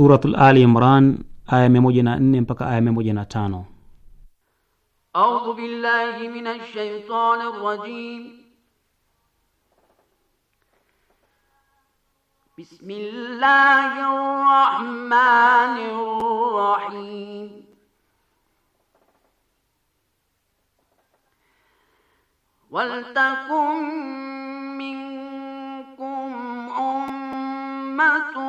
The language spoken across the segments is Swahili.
Suratul Ali Imran aya 104 mpaka aya 105. A'udhu billahi minash shaitanir rajim. Bismillahir rahmanir rahim. Wal takum minkum ummatun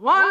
One.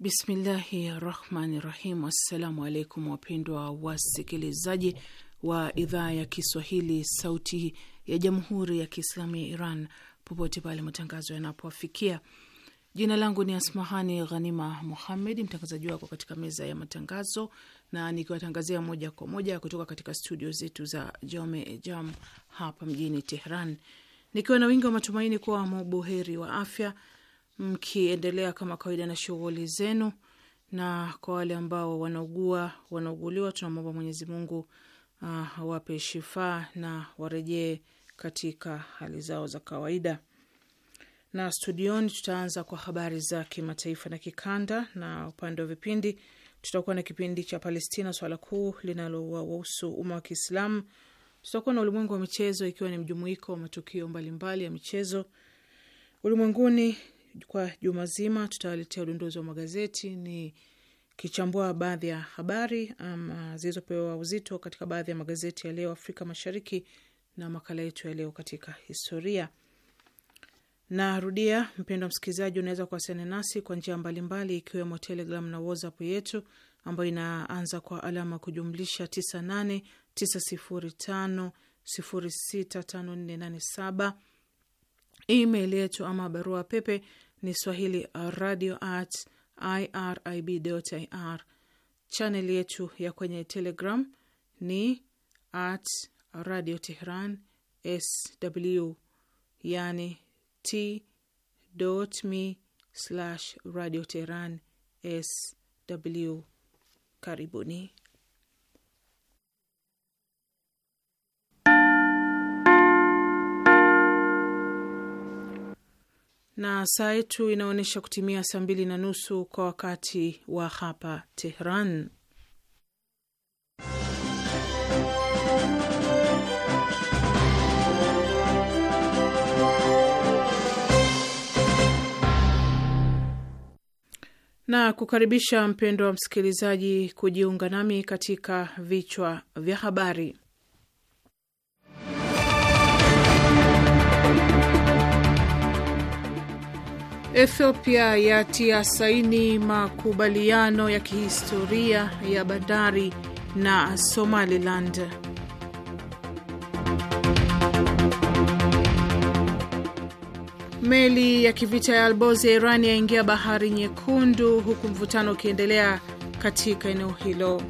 Bismillahi rahmani rahim. Assalamu alaikum wapendwa wasikilizaji wa idhaa ya Kiswahili sauti ya jamhuri ya Kiislamu ya Iran popote pale matangazo yanapoafikia. Jina langu ni Asmahani Ghanima Muhammed, mtangazaji wako katika meza ya matangazo, na nikiwatangazia moja kwa moja kutoka katika studio zetu za Jome Jam hapa mjini Tehran, nikiwa na wingi wa matumaini kuwa mubuheri wa afya mkiendelea kama kawaida na shughuli zenu, na kwa wale ambao wanaugua wanauguliwa, tunamwomba Mwenyezi Mungu ah, awape uh, shifaa na warejee katika hali zao za kawaida. Na studioni tutaanza kwa habari za kimataifa na kikanda, na upande wa vipindi tutakuwa na kipindi cha Palestina, swala kuu linalowahusu umma wa Kiislamu. Tutakuwa na ulimwengu wa michezo, ikiwa ni mjumuiko wa matukio mbalimbali mbali ya michezo ulimwenguni kwa juma zima, tutawaletea udondozi wa magazeti ni kichambua baadhi ya habari um, zilizopewa uzito katika baadhi ya magazeti ya leo Afrika Mashariki na makala yetu ya leo katika historia. na rudia mpendo msikilizaji, unaweza kuwasiliana nasi kwa njia mbalimbali, ikiwemo Telegram na WhatsApp yetu ambayo inaanza kwa alama kujumlisha 989050065487 Email yetu ama barua pepe ni swahili uh, radio at irib ir. Chaneli yetu ya kwenye Telegram ni at radio Tehran sw, yani t me slash radio Tehran sw. Karibuni. na saa yetu inaonyesha kutimia saa mbili na nusu kwa wakati wa hapa Tehran. na kukaribisha mpendo wa msikilizaji kujiunga nami katika vichwa vya habari. Ethiopia yatia saini makubaliano ya kihistoria ya bandari na Somaliland. Meli ya kivita ya Albozi ya Irani yaingia Bahari Nyekundu, huku mvutano ukiendelea katika eneo hilo.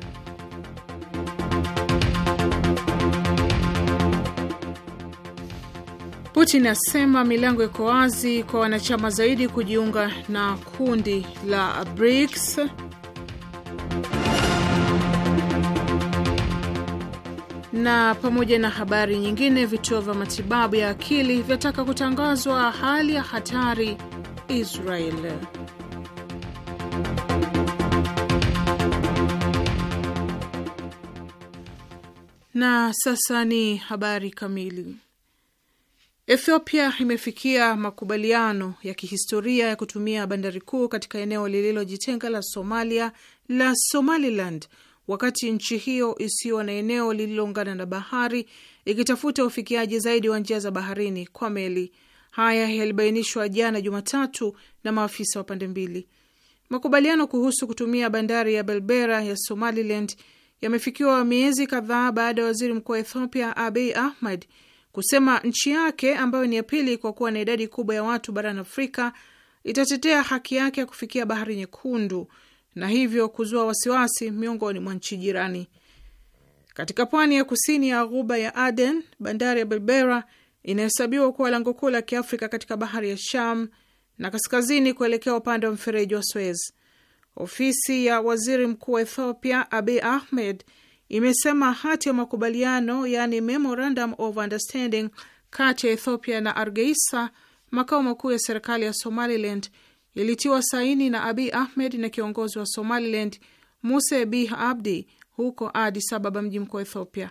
Ripoti inasema milango iko wazi kwa wanachama zaidi kujiunga na kundi la BRICS. Na pamoja na habari nyingine, vituo vya matibabu ya akili vyataka kutangazwa hali ya hatari Israel. Na sasa ni habari kamili. Ethiopia imefikia makubaliano ya kihistoria ya kutumia bandari kuu katika eneo lililojitenga la Somalia la Somaliland, wakati nchi hiyo isiyo na eneo lililoungana na bahari ikitafuta ufikiaji zaidi wa njia za baharini kwa meli. Haya yalibainishwa jana Jumatatu na maafisa wa pande mbili. Makubaliano kuhusu kutumia bandari ya Berbera ya Somaliland yamefikiwa miezi kadhaa baada ya waziri mkuu wa Ethiopia Abiy Ahmed kusema nchi yake ambayo ni ya pili kwa kuwa na idadi kubwa ya watu barani Afrika itatetea haki yake ya kufikia bahari nyekundu na hivyo kuzua wasiwasi miongoni mwa nchi jirani. Katika pwani ya kusini ya ghuba ya Aden, bandari ya Berbera inahesabiwa kuwa lango kuu la kiafrika katika bahari ya Sham na kaskazini kuelekea upande wa mfereji wa Suez. Ofisi ya waziri mkuu wa Ethiopia Abiy Ahmed imesema hati ya makubaliano yani Memorandum of Understanding kati ya Ethiopia na Argeisa, makao makuu ya serikali ya Somaliland, ilitiwa saini na abi Ahmed na kiongozi wa Somaliland Muse Bih Abdi huko Addis Ababa, mji mkuu wa Ethiopia.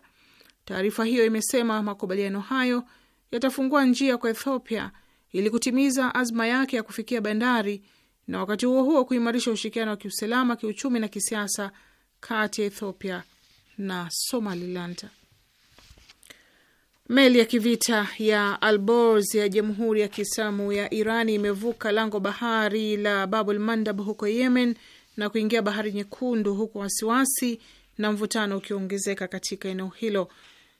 Taarifa hiyo imesema makubaliano hayo yatafungua njia kwa Ethiopia ili kutimiza azma yake ya kufikia bandari na wakati huo huo kuimarisha ushirikiano wa kiusalama, kiuchumi na kisiasa kati ya Ethiopia na Somaliland. Meli ya kivita ya Alborz ya Jamhuri ya Kiislamu ya Irani imevuka lango bahari la Babul Mandab huko Yemen na kuingia Bahari Nyekundu, huku wasiwasi na mvutano ukiongezeka katika eneo hilo.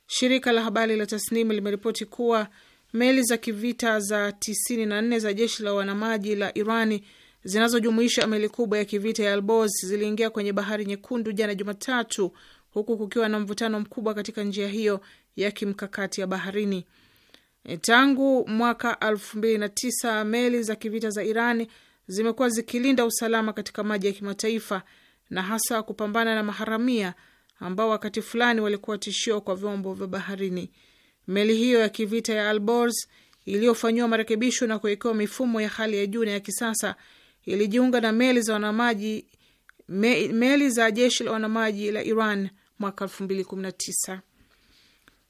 Shirika la habari la Tasnim limeripoti kuwa meli za kivita za 94 za jeshi la wanamaji la Irani zinazojumuisha meli kubwa ya kivita ya Alborz ziliingia kwenye Bahari Nyekundu jana Jumatatu huku kukiwa na mvutano mkubwa katika njia hiyo ya kimkakati ya baharini. E, tangu mwaka elfu mbili na tisa meli za kivita za Iran zimekuwa zikilinda usalama katika maji ya kimataifa na hasa kupambana na maharamia ambao wakati fulani walikuwa tishio kwa vyombo vya baharini. Meli hiyo ya kivita ya Alborz iliyofanyiwa marekebisho na kuwekewa mifumo ya hali ya juu na ya kisasa ilijiunga na meli za wanamaji, me, meli za jeshi la wanamaji la Iran mwaka 2019.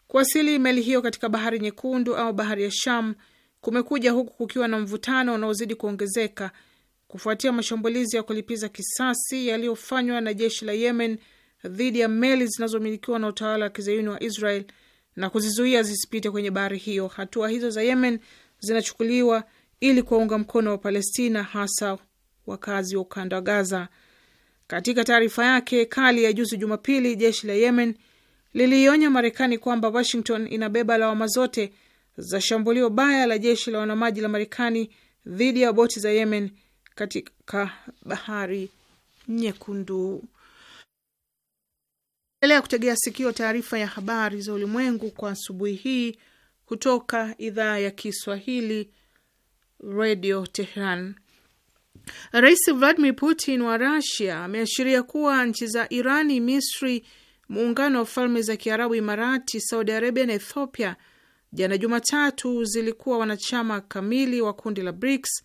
Kuwasili meli hiyo katika bahari nyekundu au bahari ya Sham kumekuja huku kukiwa na mvutano unaozidi kuongezeka kufuatia mashambulizi ya kulipiza kisasi yaliyofanywa na jeshi la Yemen dhidi ya meli zinazomilikiwa na utawala wa kizayuni wa Israel na kuzizuia zisipite kwenye bahari hiyo. Hatua hizo za Yemen zinachukuliwa ili kuwaunga mkono wa Palestina, hasa wakazi wa ukanda wa Gaza katika taarifa yake kali ya juzi Jumapili, jeshi la Yemen liliionya Marekani kwamba Washington inabeba lawama zote za shambulio baya la jeshi la wanamaji la Marekani dhidi ya boti za Yemen katika bahari Nyekundu. Endelea kutegea sikio taarifa ya habari za ulimwengu kwa asubuhi hii kutoka idhaa ya Kiswahili, Radio Tehran. Rais Vladimir Putin wa Rasia ameashiria kuwa nchi za Irani, Misri, muungano wa falme za Kiarabu, Imarati, Saudi Arabia na Ethiopia jana Jumatatu zilikuwa wanachama kamili wa kundi la BRICS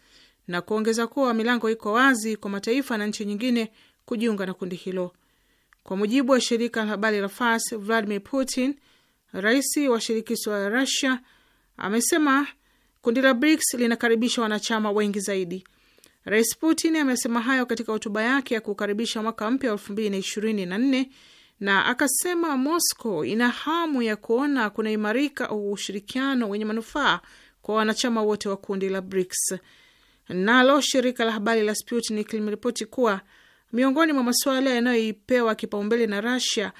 na kuongeza kuwa milango iko wazi kwa mataifa na nchi nyingine kujiunga na kundi hilo. Kwa mujibu wa shirika la habari la Fars, Vladimir Putin, rais wa shirikisho la Rusia, amesema kundi la BRICS linakaribisha wanachama wengi zaidi Rais Putin amesema hayo katika hotuba yake ya kukaribisha mwaka mpya wa elfu na ishirini na nne na akasema Moscow ina hamu ya kuona kunaimarika ushirikiano wenye manufaa kwa wanachama wote wa kundi la BRICS. Nalo shirika la habari la Sputnik limeripoti kuwa miongoni mwa masuala yanayoipewa kipaumbele na Russia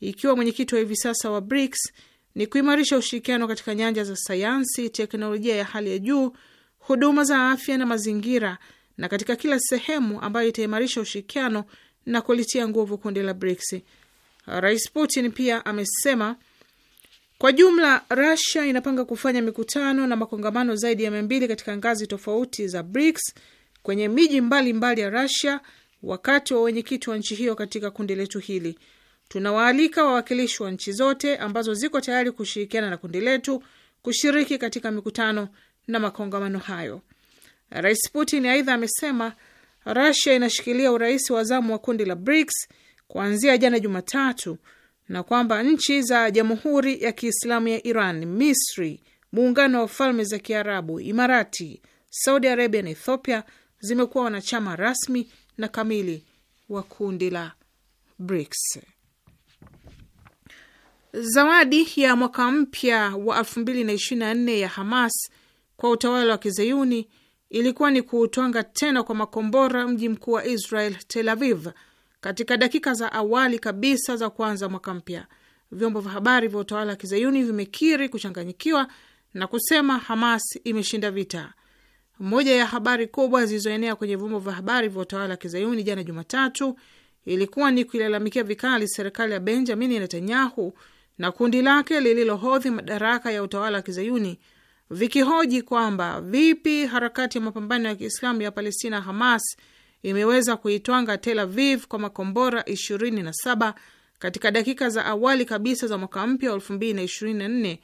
ikiwa mwenyekiti wa hivi sasa wa BRICS ni kuimarisha ushirikiano katika nyanja za sayansi, teknolojia ya hali ya juu, huduma za afya na mazingira na katika kila sehemu ambayo itaimarisha ushirikiano na kulitia nguvu kundi la BRICS. Rais Putin pia amesema kwa jumla Russia inapanga kufanya mikutano na makongamano zaidi ya mia mbili katika ngazi tofauti za BRICS kwenye miji mbalimbali mbali ya Russia wakati wa wenyekiti wa nchi hiyo katika kundi letu hili. Tunawaalika wawakilishi wa nchi zote ambazo ziko tayari kushirikiana na kundi letu kushiriki katika mikutano na makongamano hayo. Rais Putin aidha amesema rasia inashikilia urais wa zamu wa kundi la BRICS kuanzia jana Jumatatu, na kwamba nchi za Jamhuri ya Kiislamu ya Iran, Misri, Muungano wa Falme za Kiarabu, Imarati, Saudi Arabia na Ethiopia zimekuwa wanachama rasmi na kamili wa kundi la BRICS. Zawadi ya mwaka mpya wa 2024 ya Hamas kwa utawala wa Kizayuni ilikuwa ni kuutwanga tena kwa makombora mji mkuu wa Israel, Tel Aviv, katika dakika za awali kabisa za kuanza mwaka mpya. Vyombo vya habari vya utawala wa kizayuni vimekiri kuchanganyikiwa na kusema Hamas imeshinda vita. Moja ya habari kubwa zilizoenea kwenye vyombo vya habari vya utawala wa kizayuni jana Jumatatu ilikuwa ni kuilalamikia vikali serikali ya benjamin Netanyahu na kundi lake lililohodhi madaraka ya utawala wa kizayuni vikihoji kwamba vipi harakati ya mapambano ya Kiislamu ya Palestina Hamas imeweza kuitwanga Tel Aviv kwa makombora 27 katika dakika za awali kabisa za mwaka mpya wa 2024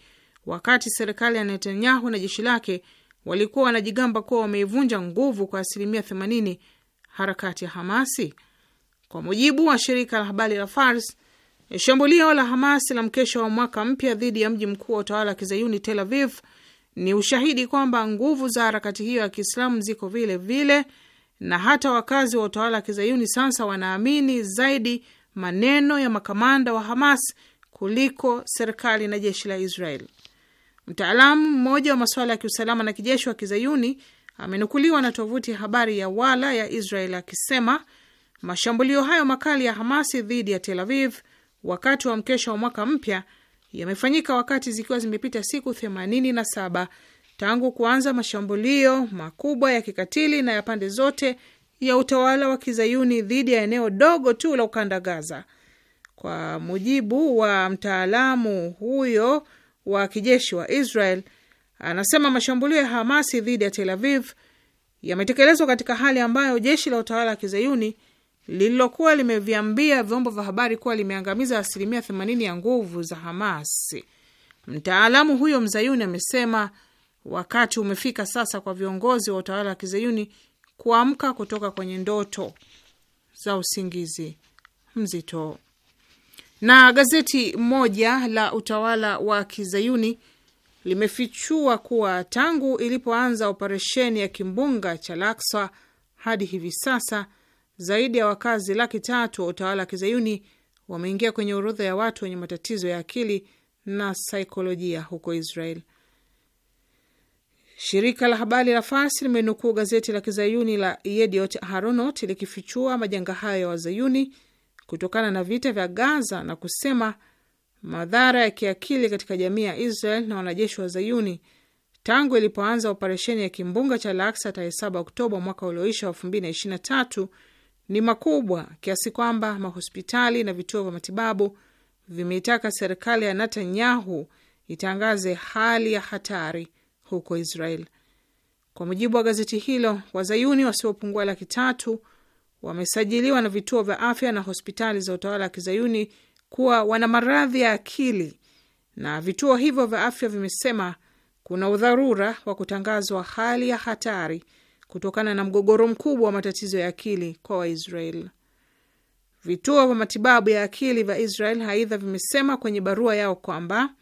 wakati serikali ya Netanyahu na jeshi lake walikuwa wanajigamba kuwa wameivunja nguvu kwa asilimia 80 harakati ya Hamasi. Kwa mujibu wa shirika la habari la Fars, shambulio la Hamas la mkesha wa mwaka mpya dhidi ya mji mkuu wa utawala wa kizayuni Tel Aviv ni ushahidi kwamba nguvu za harakati hiyo ya Kiislamu ziko vile vile, na hata wakazi wa utawala wa kizayuni sasa wanaamini zaidi maneno ya makamanda wa Hamas kuliko serikali na jeshi la Israel. Mtaalamu mmoja wa masuala ya kiusalama na kijeshi wa kizayuni amenukuliwa na tovuti ya habari ya Wala ya Israel akisema mashambulio hayo makali ya Hamasi dhidi ya Tel Aviv wakati wa mkesha wa mwaka mpya yamefanyika wakati zikiwa zimepita siku 87 tangu kuanza mashambulio makubwa ya kikatili na ya pande zote ya utawala wa kizayuni dhidi ya eneo dogo tu la ukanda Gaza. Kwa mujibu wa mtaalamu huyo wa kijeshi wa Israel, anasema mashambulio ya Hamasi dhidi ya Tel Aviv yametekelezwa katika hali ambayo jeshi la utawala wa kizayuni lililokuwa limeviambia vyombo vya habari kuwa limeangamiza asilimia 80 ya nguvu za Hamas. Mtaalamu huyo mzayuni amesema wakati umefika sasa kwa viongozi wa utawala wa kizayuni kuamka kutoka kwenye ndoto za usingizi mzito. Na gazeti moja la utawala wa kizayuni limefichua kuwa tangu ilipoanza operesheni ya kimbunga cha Laksa hadi hivi sasa zaidi ya wakazi laki tatu wa utawala wa kizayuni wameingia kwenye orodha ya watu wenye matatizo ya akili na saikolojia huko Israel. Shirika la habari la Fars limenukuu gazeti la kizayuni la Yediot Haronot likifichua majanga hayo ya wazayuni kutokana na vita vya Gaza na kusema madhara ya kiakili katika jamii ya Israel na wanajeshi wa zayuni tangu ilipoanza operesheni ya kimbunga cha laksa tarehe 7 Oktoba mwaka ulioisha 2023 ni makubwa kiasi kwamba mahospitali na vituo vya matibabu vimeitaka serikali ya Netanyahu itangaze hali ya hatari huko Israel. Kwa mujibu wa gazeti hilo, wazayuni wasiopungua laki tatu wamesajiliwa na vituo vya afya na hospitali za utawala wa kizayuni kuwa wana maradhi ya akili, na vituo hivyo vya afya vimesema kuna udharura wa kutangazwa hali ya hatari kutokana na mgogoro mkubwa wa matatizo ya akili kwa waisrael Vituo vya matibabu ya akili vya Israel aidha vimesema kwenye barua yao kwamba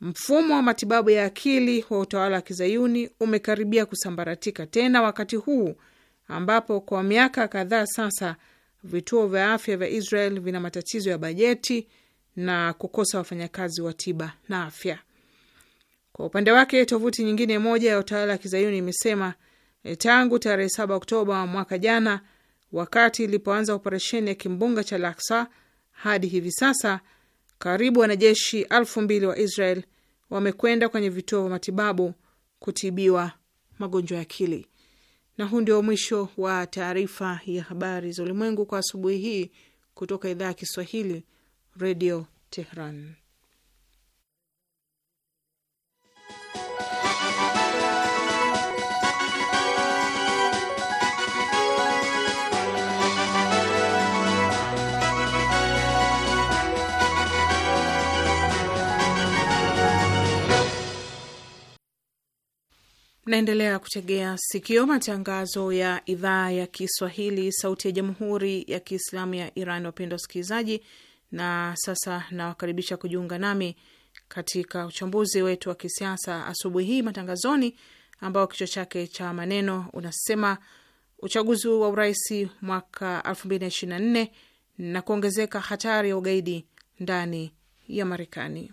mfumo wa matibabu ya akili wa utawala wa kizayuni umekaribia kusambaratika tena, wakati huu ambapo kwa miaka kadhaa sasa vituo vya afya vya Israel vina matatizo ya bajeti na kukosa wafanyakazi wa tiba na afya. Kwa upande wake, tovuti nyingine moja ya utawala wa kizayuni imesema E, tangu tarehe 7 Oktoba mwaka jana wakati ilipoanza operesheni ya kimbunga cha Laksa hadi hivi sasa karibu wanajeshi elfu mbili wa Israel wamekwenda kwenye vituo vya matibabu kutibiwa magonjwa ya akili. Na huu ndio mwisho wa taarifa ya habari za ulimwengu kwa asubuhi hii kutoka idhaa ya Kiswahili, Redio Tehran. Naendelea kutegea sikio matangazo ya idhaa ya Kiswahili, sauti ya jamhuri ya kiislamu ya Iran. Wapendwa wasikilizaji, na sasa nawakaribisha kujiunga nami katika uchambuzi wetu wa kisiasa asubuhi hii matangazoni, ambao kichwa chake cha maneno unasema uchaguzi wa urais mwaka 2024 na kuongezeka hatari ya ugaidi ndani ya Marekani.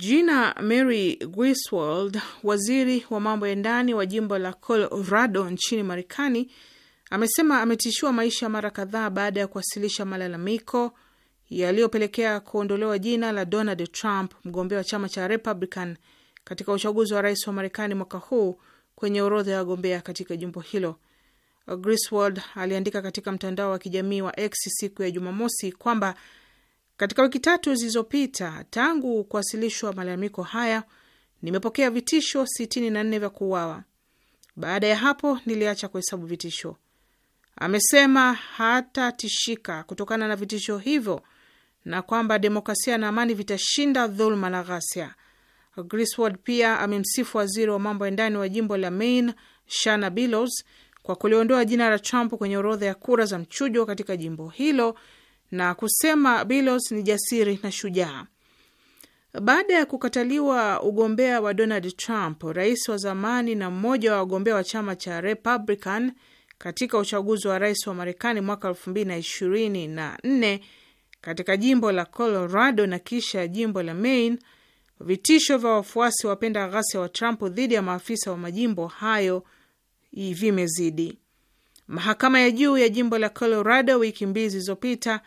Gina Mary Griswold, waziri wa mambo ya ndani wa jimbo la Colorado nchini Marekani, amesema ametishiwa maisha mara kadhaa baada ya kuwasilisha malalamiko yaliyopelekea kuondolewa jina la Donald Trump, mgombea wa chama cha Republican katika uchaguzi wa rais wa Marekani mwaka huu kwenye orodha ya wagombea katika jimbo hilo. Griswold aliandika katika mtandao wa kijamii wa X siku ya Jumamosi kwamba katika wiki tatu zilizopita tangu kuwasilishwa malalamiko haya, nimepokea vitisho 64 vya kuuawa. Baada ya hapo niliacha kuhesabu vitisho. Amesema hatatishika kutokana na vitisho hivyo na kwamba demokrasia na amani vitashinda dhuluma na ghasia. Griswold pia amemsifu waziri wa mambo ya ndani wa jimbo la Maine, Shana Billows, kwa kuliondoa jina la Trump kwenye orodha ya kura za mchujo katika jimbo hilo na kusema Bilos ni jasiri na shujaa. Baada ya kukataliwa ugombea wa Donald Trump, rais wa zamani na mmoja wa wagombea wa chama cha Republican katika uchaguzi wa rais wa Marekani mwaka elfu mbili na ishirini na nne katika jimbo la Colorado na kisha jimbo la Maine, vitisho vya wafuasi wapenda ghasia wa Trump dhidi ya maafisa wa majimbo hayo vimezidi. Mahakama ya juu ya jimbo la Colorado wiki mbili zilizopita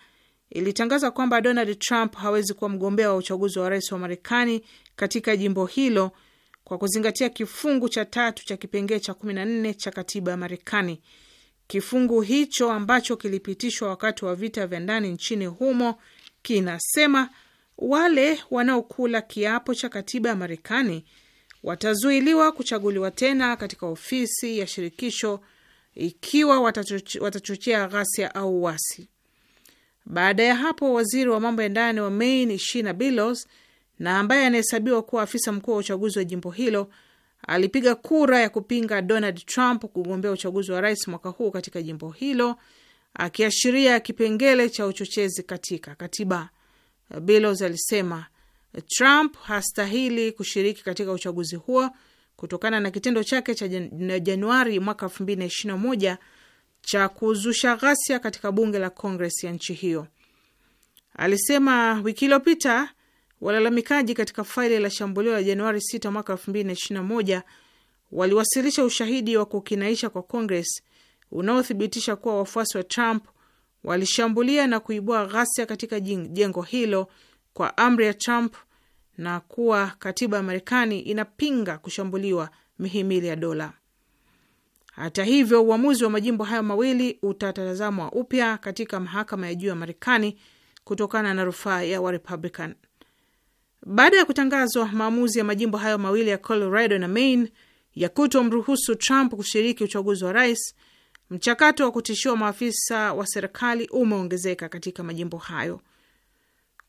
ilitangaza kwamba Donald Trump hawezi kuwa mgombea wa uchaguzi wa rais wa Marekani katika jimbo hilo kwa kuzingatia kifungu cha tatu cha kipengee cha 14 cha katiba ya Marekani. Kifungu hicho ambacho kilipitishwa wakati wa vita vya ndani nchini humo kinasema wale wanaokula kiapo cha katiba ya Marekani watazuiliwa kuchaguliwa tena katika ofisi ya shirikisho ikiwa watachochea ghasia au uasi. Baada ya hapo, waziri wa mambo ya ndani wa Maine Shina Bilos, na ambaye anahesabiwa kuwa afisa mkuu wa uchaguzi wa jimbo hilo, alipiga kura ya kupinga Donald Trump kugombea uchaguzi wa rais mwaka huu katika jimbo hilo, akiashiria kipengele cha uchochezi katika katiba. Bilos alisema Trump hastahili kushiriki katika uchaguzi huo kutokana na kitendo chake cha Januari mwaka 2021 cha kuzusha ghasia katika bunge la Kongres ya nchi hiyo. Alisema wiki iliyopita walalamikaji katika faili la shambulio la Januari 6 mwaka 2021 waliwasilisha ushahidi wa kukinaisha kwa Kongres unaothibitisha kuwa wafuasi wa Trump walishambulia na kuibua ghasia katika jengo hilo kwa amri ya Trump na kuwa katiba ya Marekani inapinga kushambuliwa mihimili ya dola. Hata hivyo, uamuzi wa majimbo hayo mawili utatazamwa upya katika mahakama ya juu ya Marekani kutokana na rufaa ya Warepublican. Baada ya kutangazwa maamuzi ya majimbo hayo mawili ya Colorado na Maine ya kutomruhusu Trump kushiriki uchaguzi wa rais, mchakato wa kutishiwa maafisa wa serikali umeongezeka katika majimbo hayo.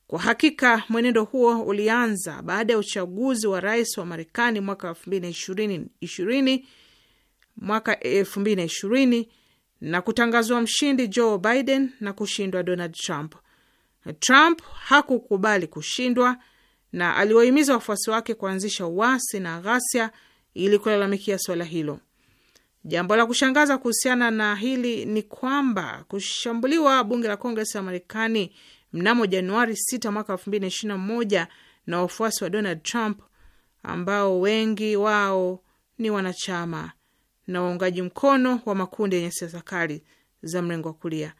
Kwa hakika mwenendo huo ulianza baada ya uchaguzi wa rais wa Marekani mwaka 2020 mwaka elfu mbili na ishirini na kutangazwa mshindi Joe Biden na kushindwa Donald Trump. Trump hakukubali kushindwa na aliwahimiza wafuasi wake kuanzisha uasi na ghasia ili kulalamikia swala hilo. Jambo la kushangaza kuhusiana na hili ni kwamba kushambuliwa bunge la Kongres ya Marekani mnamo Januari 6 mwaka 2021 na wafuasi wa Donald Trump ambao wengi wao ni wanachama na waungaji mkono wa makundi yenye siasa kali za mrengo wa kulia.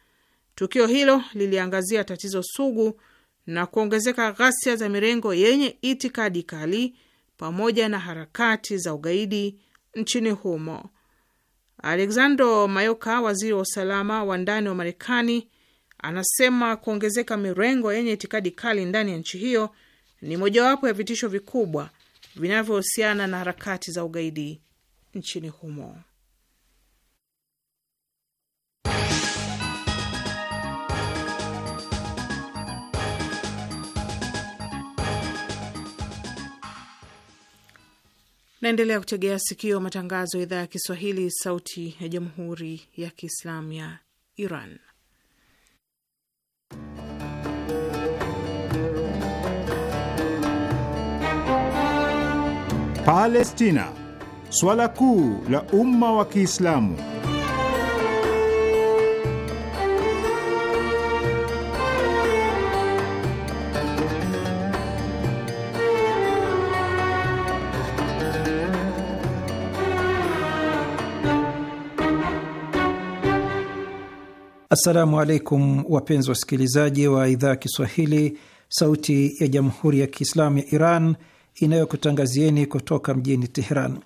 Tukio hilo liliangazia tatizo sugu na kuongezeka ghasia za mirengo yenye itikadi kali pamoja na harakati za ugaidi nchini humo. Alexandro Mayoka, waziri wa usalama wa ndani wa Marekani, anasema kuongezeka mirengo yenye itikadi kali ndani ya nchi hiyo ni mojawapo ya vitisho vikubwa vinavyohusiana na harakati za ugaidi nchini humo. Naendelea kutegea sikio matangazo ya idhaa ya Kiswahili, sauti ya jamhuri ya kiislamu ya Iran. Palestina swala kuu la umma wa Kiislamu. Assalamu alaikum wapenzi wasikilizaji wa idhaa ya Kiswahili, Sauti ya Jamhuri ya Kiislamu ya Iran inayokutangazieni kutoka mjini Teheran.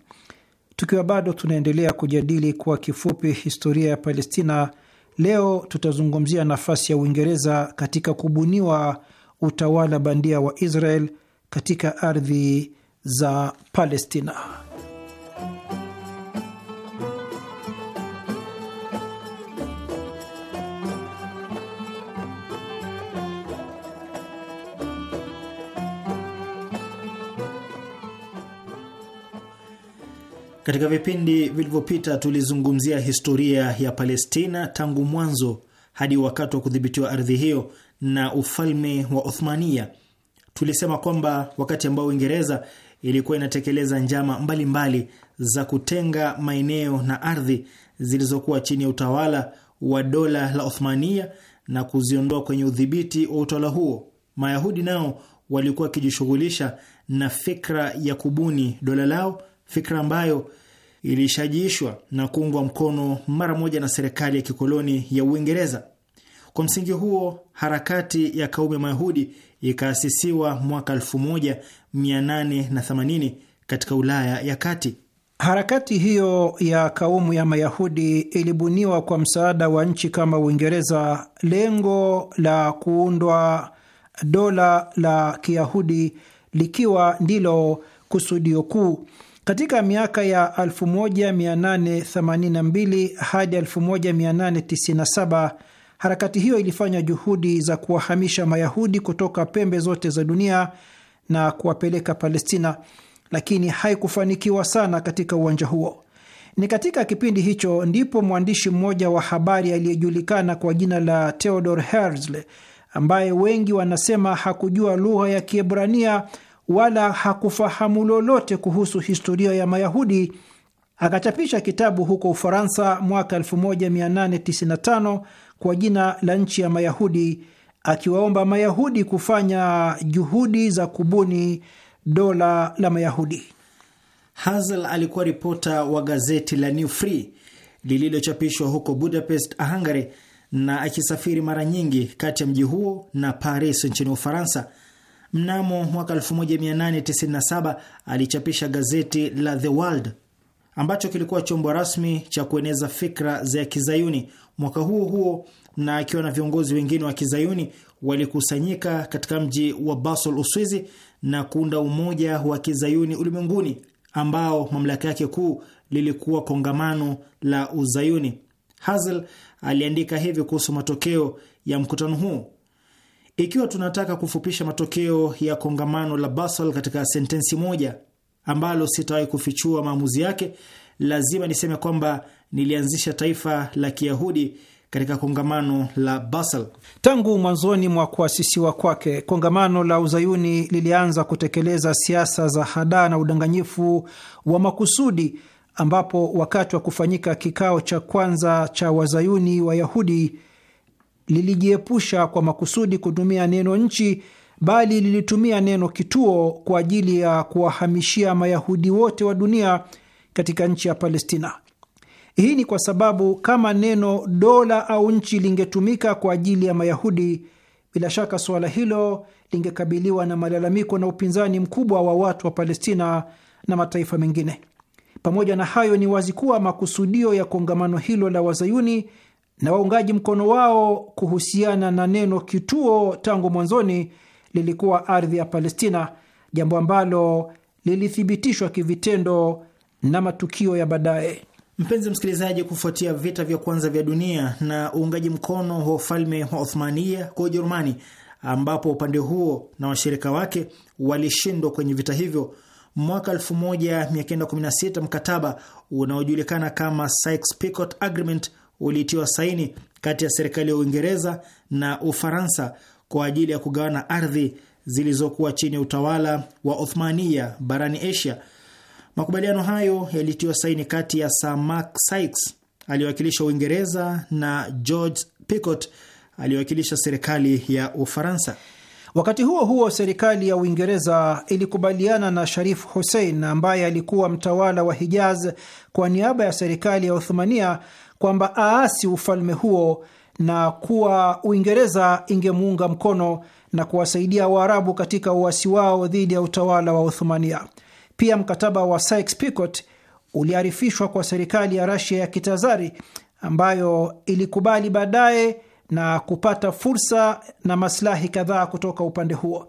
Tukiwa bado tunaendelea kujadili kwa kifupi historia ya Palestina, leo tutazungumzia nafasi ya Uingereza katika kubuniwa utawala bandia wa Israel katika ardhi za Palestina. Katika vipindi vilivyopita tulizungumzia historia ya Palestina tangu mwanzo hadi wakati wa kudhibitiwa ardhi hiyo na ufalme wa Uthmania. Tulisema kwamba wakati ambao Uingereza ilikuwa inatekeleza njama mbalimbali mbali za kutenga maeneo na ardhi zilizokuwa chini ya utawala wa dola la Uthmania na kuziondoa kwenye udhibiti wa utawala huo, Mayahudi nao walikuwa wakijishughulisha na fikra ya kubuni dola lao fikra ambayo ilishajishwa na kuungwa mkono mara moja na serikali ya kikoloni ya Uingereza. Kwa msingi huo, harakati ya kaume Mayahudi ikaasisiwa mwaka 1880 katika Ulaya ya Kati. Harakati hiyo ya kaumu ya Mayahudi ilibuniwa kwa msaada wa nchi kama Uingereza, lengo la kuundwa dola la Kiyahudi likiwa ndilo kusudio kuu. Katika miaka ya 1882 hadi 1897 harakati hiyo ilifanya juhudi za kuwahamisha Mayahudi kutoka pembe zote za dunia na kuwapeleka Palestina, lakini haikufanikiwa sana katika uwanja huo. Ni katika kipindi hicho ndipo mwandishi mmoja wa habari aliyejulikana kwa jina la Theodor Herzl, ambaye wengi wanasema hakujua lugha ya Kiebrania wala hakufahamu lolote kuhusu historia ya Mayahudi. Akachapisha kitabu huko Ufaransa mwaka 1895 kwa jina la Nchi ya Mayahudi, akiwaomba Mayahudi kufanya juhudi za kubuni dola la Mayahudi. Hazel alikuwa ripota wa gazeti la New Free lililochapishwa huko Budapest, Hungary, na akisafiri mara nyingi kati ya mji huo na Paris nchini Ufaransa mnamo mwaka 1897 alichapisha gazeti la The World ambacho kilikuwa chombo rasmi cha kueneza fikra za kizayuni. Mwaka huo huo na akiwa na viongozi wengine wa kizayuni walikusanyika katika mji wa Basel, Uswizi, na kuunda umoja wa kizayuni ulimwenguni ambao mamlaka yake kuu lilikuwa kongamano la Uzayuni. Hazel aliandika hivi kuhusu matokeo ya mkutano huu: ikiwa tunataka kufupisha matokeo ya kongamano la Basel katika sentensi moja ambalo sitawahi kufichua maamuzi yake, lazima niseme kwamba nilianzisha taifa la Kiyahudi katika kongamano la Basel. Tangu mwanzoni mwa kuasisiwa kwake, kongamano la Uzayuni lilianza kutekeleza siasa za hadaa na udanganyifu wa makusudi, ambapo wakati wa kufanyika kikao cha kwanza cha Wazayuni Wayahudi lilijiepusha kwa makusudi kutumia neno nchi, bali lilitumia neno kituo kwa ajili ya kuwahamishia Mayahudi wote wa dunia katika nchi ya Palestina. Hii ni kwa sababu kama neno dola au nchi lingetumika kwa ajili ya Mayahudi, bila shaka suala hilo lingekabiliwa na malalamiko na upinzani mkubwa wa watu wa Palestina na mataifa mengine. Pamoja na hayo, ni wazi kuwa makusudio ya kongamano hilo la Wazayuni na waungaji mkono wao kuhusiana na neno kituo tangu mwanzoni lilikuwa ardhi ya Palestina, jambo ambalo lilithibitishwa kivitendo na matukio ya baadaye. Mpenzi msikilizaji, kufuatia vita vya kwanza vya dunia na uungaji mkono wa ufalme wa Othmania kwa Ujerumani, ambapo upande huo na washirika wake walishindwa kwenye vita hivyo, mwaka 1916 mkataba unaojulikana kama Sykes-Picot Agreement ulitiwa saini kati ya serikali ya Uingereza na Ufaransa kwa ajili ya kugawana ardhi zilizokuwa chini ya utawala wa Othmania barani Asia. Makubaliano hayo yalitiwa saini kati ya Sir Mark Sykes aliyewakilisha Uingereza na George Picot aliyewakilisha serikali ya Ufaransa. Wakati huo huo, serikali ya Uingereza ilikubaliana na Sharif Hussein ambaye alikuwa mtawala wa Hijaz kwa niaba ya serikali ya Uthmania kwamba aasi ufalme huo na kuwa Uingereza ingemuunga mkono na kuwasaidia Waarabu katika uasi wao dhidi ya utawala wa Uthumania. Pia mkataba wa Sykes-Picot uliarifishwa kwa serikali ya Rasia ya kitazari ambayo ilikubali baadaye na kupata fursa na masilahi kadhaa kutoka upande huo.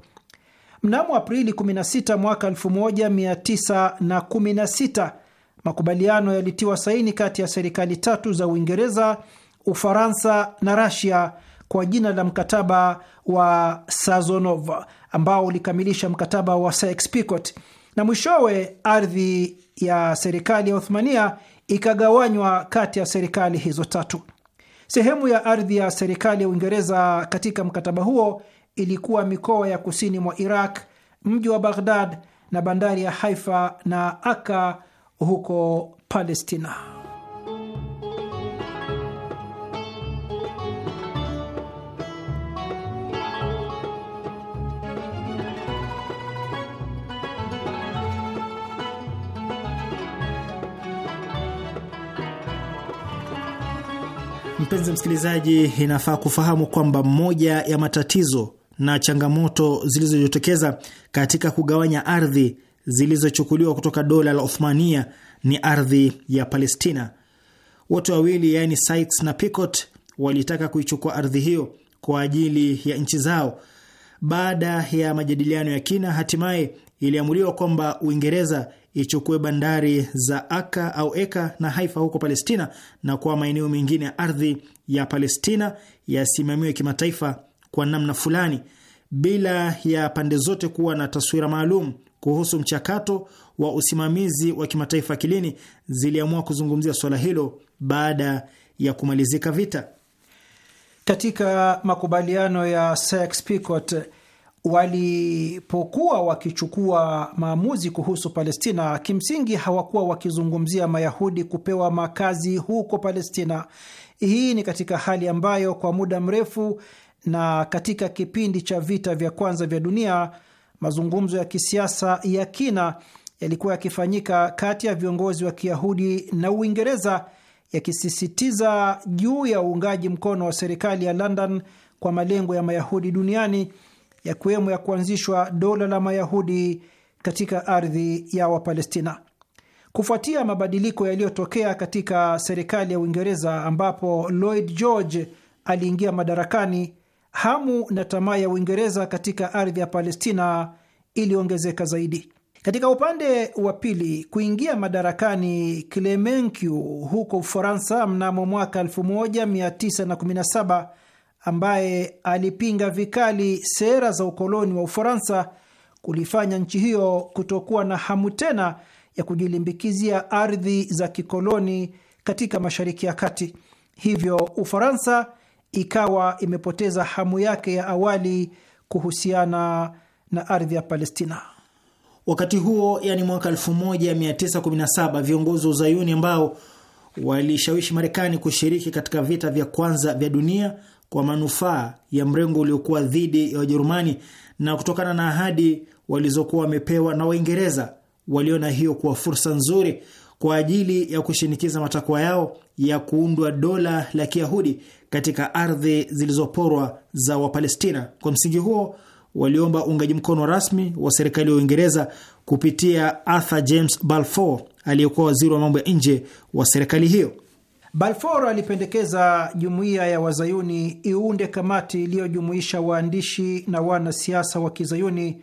Mnamo Aprili 16 mwaka 1916 Makubaliano yalitiwa saini kati ya serikali tatu za Uingereza, Ufaransa na Rasia kwa jina la mkataba wa Sazonov ambao ulikamilisha mkataba wa Sykes-Picot na mwishowe ardhi ya serikali ya Uthmania ikagawanywa kati ya serikali hizo tatu. Sehemu ya ardhi ya serikali ya Uingereza katika mkataba huo ilikuwa mikoa ya kusini mwa Iraq, mji wa Baghdad na bandari ya Haifa na Aka huko Palestina. Mpenzi msikilizaji, inafaa kufahamu kwamba moja ya matatizo na changamoto zilizojitokeza katika kugawanya ardhi zilizochukuliwa kutoka dola la Othmania ni ardhi ya Palestina. Wote wawili yaani Sykes na Picot walitaka kuichukua ardhi hiyo kwa ajili ya nchi zao. Baada ya majadiliano ya kina, hatimaye iliamuliwa kwamba Uingereza ichukue bandari za Aka au Eka na Haifa huko Palestina, na kwa maeneo mengine ya ardhi ya Palestina yasimamiwe kimataifa kwa namna fulani, bila ya pande zote kuwa na taswira maalum kuhusu mchakato wa usimamizi wa kimataifa kilini ziliamua kuzungumzia suala hilo baada ya kumalizika vita. Katika makubaliano ya Sykes-Picot walipokuwa wakichukua maamuzi kuhusu Palestina, kimsingi hawakuwa wakizungumzia Mayahudi kupewa makazi huko Palestina. Hii ni katika hali ambayo kwa muda mrefu na katika kipindi cha vita vya kwanza vya dunia mazungumzo ya kisiasa ya kina yalikuwa yakifanyika kati ya viongozi wa Kiyahudi na Uingereza, yakisisitiza juu ya uungaji mkono wa serikali ya London kwa malengo ya Mayahudi duniani, yakiwemo ya kuanzishwa dola la Mayahudi katika ardhi ya Wapalestina. Kufuatia mabadiliko yaliyotokea katika serikali ya Uingereza ambapo Lloyd George aliingia madarakani, hamu na tamaa ya Uingereza katika ardhi ya Palestina iliongezeka zaidi. Katika upande wa pili, kuingia madarakani Clemenceau huko Ufaransa mnamo mwaka 1917 ambaye alipinga vikali sera za ukoloni wa Ufaransa kulifanya nchi hiyo kutokuwa na hamu tena ya kujilimbikizia ardhi za kikoloni katika Mashariki ya Kati. Hivyo Ufaransa ikawa imepoteza hamu yake ya awali kuhusiana na ardhi ya Palestina. Wakati huo, yani mwaka 1917, viongozi wa Uzayuni ambao walishawishi Marekani kushiriki katika vita vya kwanza vya dunia kwa manufaa ya mrengo uliokuwa dhidi ya Wajerumani na kutokana na ahadi walizokuwa wamepewa na Waingereza, waliona hiyo kuwa fursa nzuri kwa ajili ya kushinikiza matakwa yao ya kuundwa dola la Kiyahudi katika ardhi zilizoporwa za Wapalestina. Kwa msingi huo waliomba uungaji mkono rasmi wa serikali ya Uingereza kupitia Arthur James Balfour aliyekuwa waziri wa mambo ya nje wa serikali hiyo. Balfour alipendekeza jumuiya ya wazayuni iunde kamati iliyojumuisha waandishi na wanasiasa wa kizayuni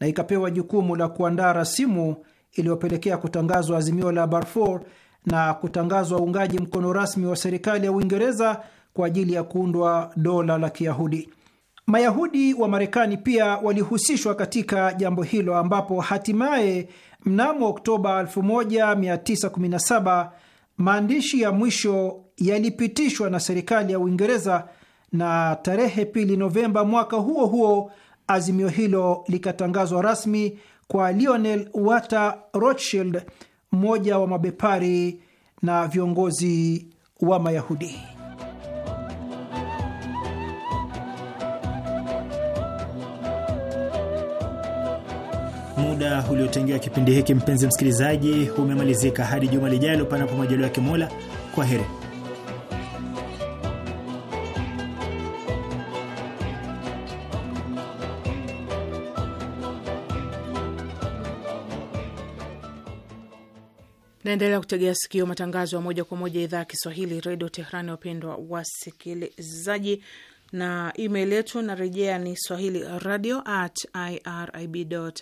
na ikapewa jukumu la kuandaa rasimu iliyopelekea kutangazwa azimio la Balfour na kutangazwa uungaji mkono rasmi wa serikali ya Uingereza kwa ajili ya kuundwa dola la Kiyahudi. Mayahudi wa Marekani pia walihusishwa katika jambo hilo, ambapo hatimaye mnamo Oktoba 1917 maandishi ya mwisho yalipitishwa na serikali ya Uingereza na tarehe pili Novemba mwaka huo huo azimio hilo likatangazwa rasmi kwa Lionel Walter Rothschild, mmoja wa mabepari na viongozi wa Mayahudi. Muda uliotengewa kipindi hiki, mpenzi msikilizaji, umemalizika. Hadi juma lijalo, panapo majaliwa ya Mola, kwa heri. Naendelea kutegea sikio matangazo ya moja kwa moja idhaa ya Kiswahili redio Tehrani. Wapendwa wasikilizaji, na email yetu narejea ni swahili radio at irib ir.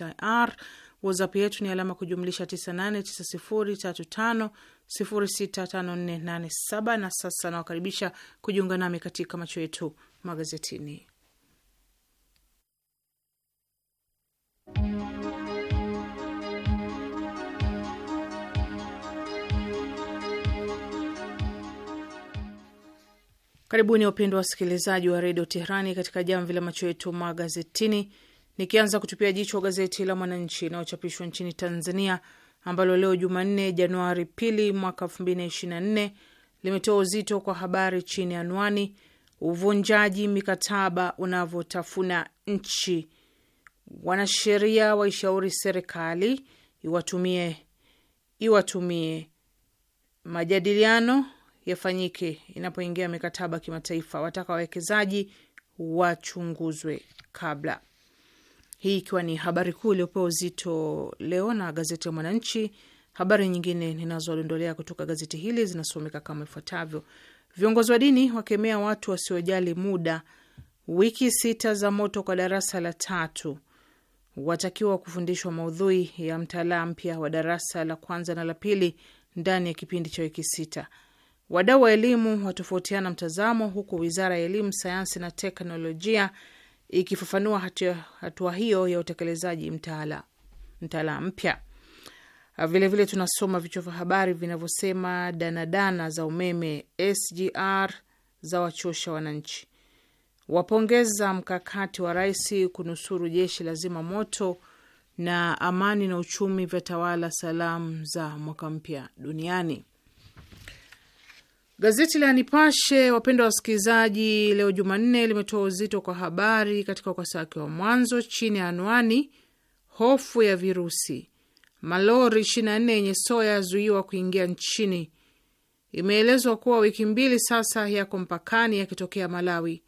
WhatsApp yetu ni alama kujumlisha 989035065487. Na sasa nawakaribisha kujiunga nami katika macho yetu magazetini. Karibuni wapendwa wasikilizaji wa redio Teherani katika jamvi la macho yetu magazetini, nikianza kutupia jicho gazeti la Mwananchi inayochapishwa nchini Tanzania, ambalo leo Jumanne Januari pili mwaka nne limetoa uzito kwa habari chini ya anwani uvunjaji mikataba unavyotafuna nchi. Wanasheria waishauri serikali iwatumie iwatumie majadiliano yafanyike inapoingia mikataba kimataifa. Wataka wawekezaji wachunguzwe kabla. Hii ikiwa ni habari kuu iliyopewa uzito leo na gazeti ya Mwananchi. Habari nyingine ninazodondolea kutoka gazeti hili zinasomeka kama ifuatavyo: viongozi wa dini wakemea watu wasiojali muda, wiki sita za moto kwa darasa la tatu, watakiwa kufundishwa maudhui ya mtaala mpya wa darasa la kwanza na la pili ndani ya kipindi cha wiki sita. Wadau wa elimu watofautiana mtazamo, huku wizara ya elimu, sayansi na teknolojia ikifafanua hatua, hatua hiyo ya utekelezaji mtaala mtaala mpya. Vilevile tunasoma vichwa vya habari vinavyosema danadana za umeme SGR za wachosha wananchi, wapongeza mkakati wa rais kunusuru jeshi la zima moto, na amani na uchumi vya tawala salamu za mwaka mpya duniani. Gazeti la Nipashe, wapendwa wa wasikilizaji, leo Jumanne limetoa uzito kwa habari katika ukurasa wake wa mwanzo chini ya anwani hofu ya virusi, malori 24 yenye soya yazuiwa kuingia nchini. Imeelezwa kuwa wiki mbili sasa yako mpakani yakitokea Malawi.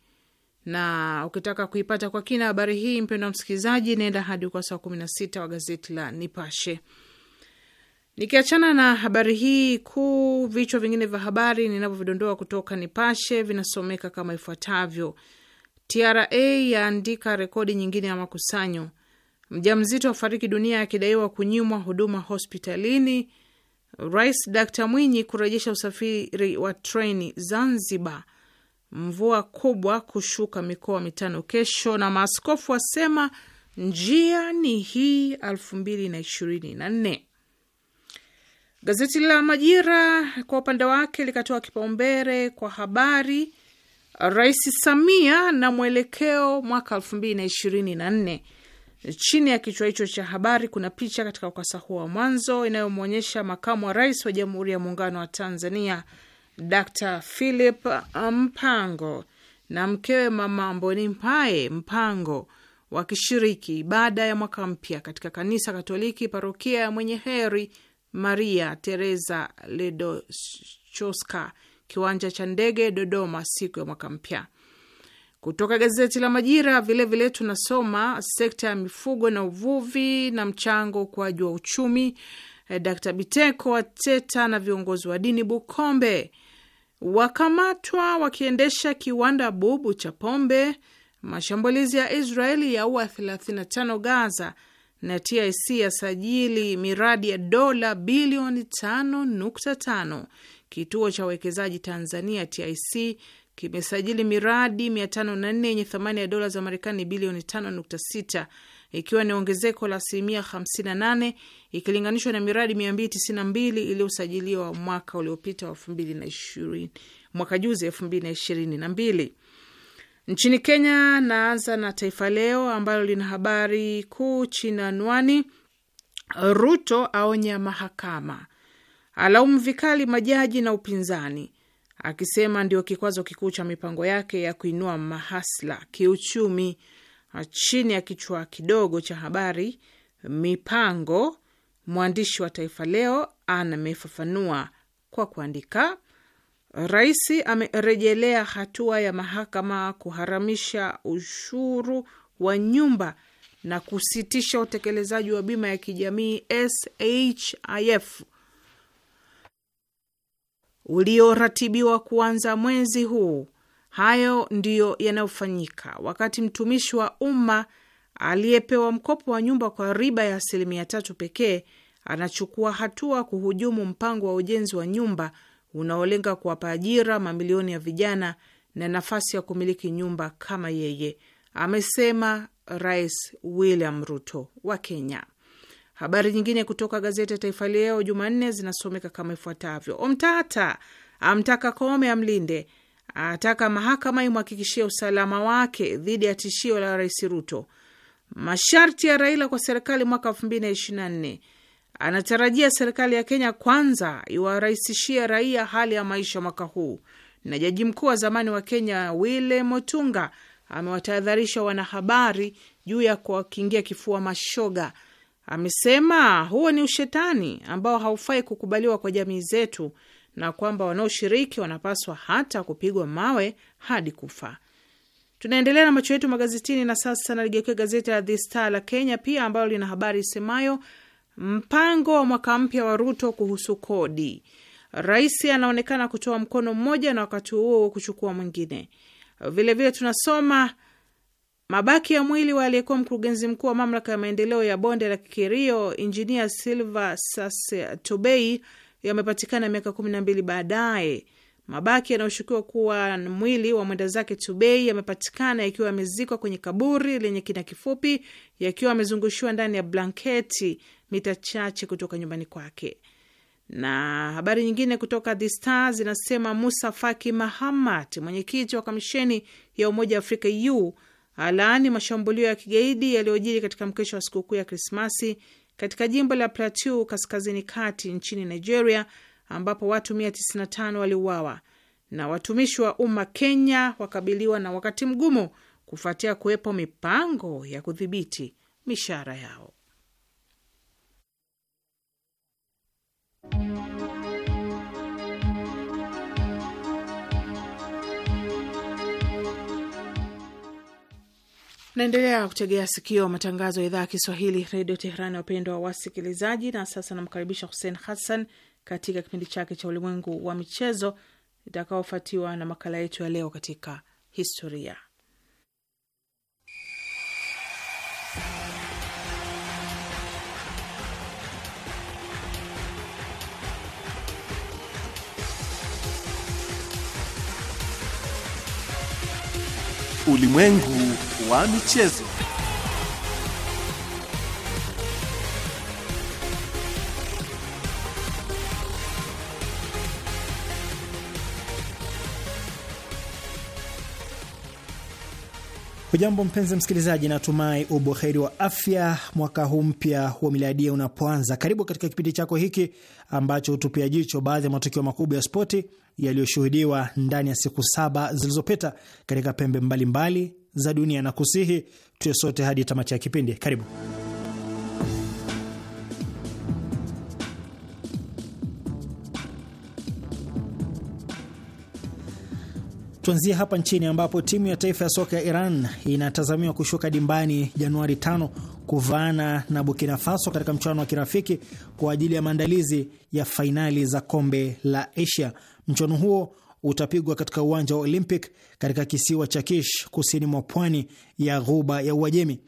Na ukitaka kuipata kwa kina habari hii, mpendwa msikilizaji, nenda hadi ukurasa wa 16 wa gazeti la Nipashe. Nikiachana na habari hii kuu, vichwa vingine vya habari ninavyovidondoa kutoka Nipashe vinasomeka kama ifuatavyo: TRA yaandika rekodi nyingine ya makusanyo, mjamzito afariki dunia akidaiwa kunyimwa huduma hospitalini, Rais Dkt Mwinyi kurejesha usafiri wa treni Zanzibar, mvua kubwa kushuka mikoa mitano kesho, na maaskofu wasema njia ni hii 224 Gazeti la Majira kwa upande wake likatoa kipaumbele kwa habari Rais Samia na mwelekeo mwaka elfu mbili na ishirini na nne. Chini ya kichwa hicho cha habari kuna picha katika ukurasa huo wa mwanzo inayomwonyesha makamu wa rais wa Jamhuri ya Muungano wa Tanzania Dr Philip Mpango na mkewe Mama Mboni Mpae Mpango wakishiriki ibada ya mwaka mpya katika kanisa Katoliki parokia ya Mwenye Heri Maria Teresa Ledochoska, kiwanja cha ndege Dodoma, siku ya mwaka mpya. Kutoka gazeti la Majira vilevile vile tunasoma sekta ya mifugo na uvuvi na mchango ukuaji wa uchumi. d eh, Dkt Biteko wateta na viongozi wa dini Bukombe wakamatwa wakiendesha kiwanda bubu cha pombe. Mashambulizi ya Israeli yaua 35 Gaza, na TIC yasajili miradi ya dola bilioni 5.5. Kituo cha uwekezaji Tanzania TIC kimesajili miradi 504 yenye thamani ya dola za Marekani bilioni 5.6 ikiwa ni ongezeko la asilimia 58 ikilinganishwa na miradi 292 iliyosajiliwa mwaka uliopita 2020, mwaka juzi 2022. Nchini Kenya, naanza na Taifa Leo ambalo lina habari kuu chini anwani Ruto aonya mahakama, alaumu vikali majaji na upinzani, akisema ndio kikwazo kikuu cha mipango yake ya kuinua mahasla kiuchumi. Chini ya kichwa kidogo cha habari mipango, mwandishi wa Taifa Leo anamefafanua kwa kuandika Rais amerejelea hatua ya mahakama kuharamisha ushuru wa nyumba na kusitisha utekelezaji wa bima ya kijamii SHIF ulioratibiwa kuanza mwezi huu. Hayo ndiyo yanayofanyika wakati mtumishi wa umma aliyepewa mkopo wa nyumba kwa riba ya asilimia tatu pekee anachukua hatua kuhujumu mpango wa ujenzi wa nyumba unaolenga kuwapa ajira mamilioni ya vijana na nafasi ya kumiliki nyumba kama yeye, amesema Rais William Ruto wa Kenya. Habari nyingine kutoka gazeti ya Taifa Leo Jumanne zinasomeka kama ifuatavyo: Omtata amtaka Kome amlinde, ataka mahakama imhakikishie usalama wake dhidi ya tishio la Rais Ruto. Masharti ya Raila kwa serikali mwaka 2024 anatarajia serikali ya Kenya kwanza iwarahisishie raia hali ya maisha mwaka huu. Na jaji mkuu wa zamani wa Kenya Wile Motunga amewatahadharisha wanahabari juu ya kuwakingia kifua mashoga. Amesema huo ni ushetani ambao haufai kukubaliwa kwa jamii zetu, na kwamba wanaoshiriki wanapaswa hata kupigwa mawe hadi kufa. Tunaendelea na macho yetu magazetini, na sasa naligeukia gazeti la The Star la Kenya pia ambalo lina habari isemayo Mpango wa mwaka mpya wa Ruto kuhusu kodi. Rais anaonekana kutoa mkono mmoja na wakati huo wa kuchukua mwingine. Vilevile tunasoma mabaki ya mwili wa aliyekuwa mkurugenzi mkuu wa mamlaka ya maendeleo ya bonde la kikirio injinia Silva Sase Tobei, yamepatikana miaka kumi na mbili baadaye. Mabaki yanayoshukiwa kuwa mwili wa mwenda zake Tubei yamepatikana yakiwa yamezikwa kwenye kaburi lenye kina kifupi, yakiwa yamezungushiwa ndani ya blanketi mita chache kutoka nyumbani kwake. Na habari nyingine kutoka The Star zinasema Musa Faki Mahamat, mwenyekiti wa kamisheni ya Umoja wa Afrika e u alaani mashambulio ya kigaidi yaliyojiri katika mkesha wa sikukuu ya Krismasi katika jimbo la Plateau kaskazini kati nchini Nigeria ambapo watu 195 waliuawa na watumishi wa umma Kenya wakabiliwa na wakati mgumu kufuatia kuwepo mipango ya kudhibiti mishahara yao. Naendelea kutegea sikio matangazo ya idhaa ya Kiswahili, Redio Teherani. Wapendwa wasikilizaji, na sasa namkaribisha Hussein Hassan katika kipindi chake cha ulimwengu wa michezo itakaofuatiwa na makala yetu ya leo katika historia. Ulimwengu wa michezo. Hujambo mpenzi msikilizaji, natumai ubuheri wa afya. Mwaka huu mpya wa miladia unapoanza, karibu katika kipindi chako hiki ambacho hutupia jicho baadhi ya matukio makubwa ya spoti yaliyoshuhudiwa ndani ya siku saba zilizopita katika pembe mbalimbali mbali za dunia, na kusihi tuwe sote hadi tamati ya kipindi. Karibu. Tuanzie hapa nchini ambapo timu ya taifa ya soka ya Iran inatazamiwa kushuka dimbani Januari 5 kuvaana na Burkina Faso katika mchuano wa kirafiki kwa ajili ya maandalizi ya fainali za kombe la Asia. Mchuano huo utapigwa katika uwanja wa Olympic katika kisiwa cha Kish kusini mwa pwani ya ghuba ya Uajemi.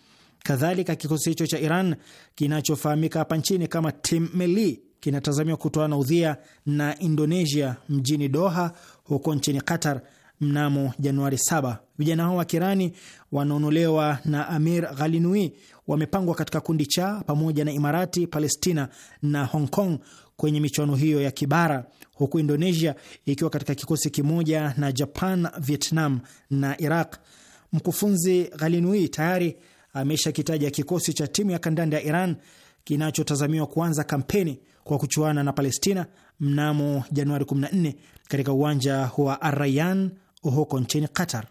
Kadhalika, kikosi hicho cha Iran kinachofahamika hapa nchini kama Tim Meli kinatazamiwa kutoana udhia na Indonesia mjini Doha, huko nchini Qatar mnamo Januari 7. Vijana hao wa Kirani wanaonolewa na Amir Ghalinui wamepangwa katika kundi cha pamoja na Imarati, Palestina na Hong Kong kwenye michuano hiyo ya kibara, huku Indonesia ikiwa katika kikosi kimoja na Japan, Vietnam na Iraq. Mkufunzi Ghalinui tayari ameisha kitaja kikosi cha timu ya kandanda ya Iran kinachotazamiwa kuanza kampeni kwa kuchuana na Palestina mnamo Januari 14 katika uwanja wa Arrayan huko nchini Qatar.